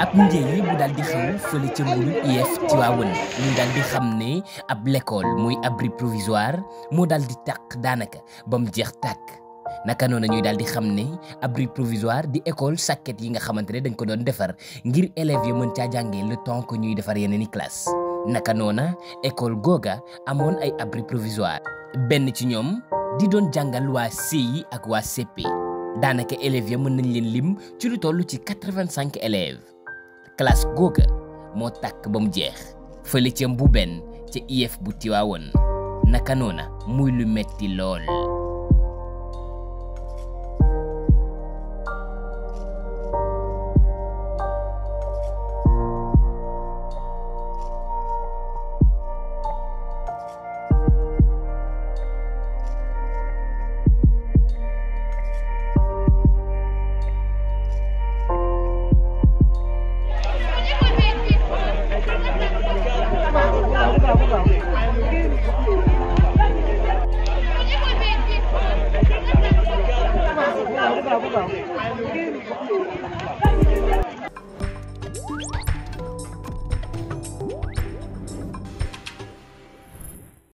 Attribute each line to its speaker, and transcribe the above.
Speaker 1: ab njëy bu daal di xew fële ca mbulu IEF Tivaouane ñu daal di xam ne ab lekkool muy abri provisoire moo daal di tàq daanaka ba mu jeex tàkk naka noonu ñuy daal di xam ne abri provisoire di école sàkket yi nga xamante ne dañ ko doon defar ngir élèves yi mën caa jàngee le temps ñuy defar yeneen i classe naka noona école googa amoon ay abri provisoire benn ci ñoom di doon jàngal waa CI ak waa CP daanaka élèves ya mën nañ leen lim ci lu toll ci quatre-vingt-cinq élèves classe googa moo tàkk ba mu jeex fële bu benn ca IEF bu Tiwaawoon naka noona muy lu metti lool
Speaker 2: 不搞不搞。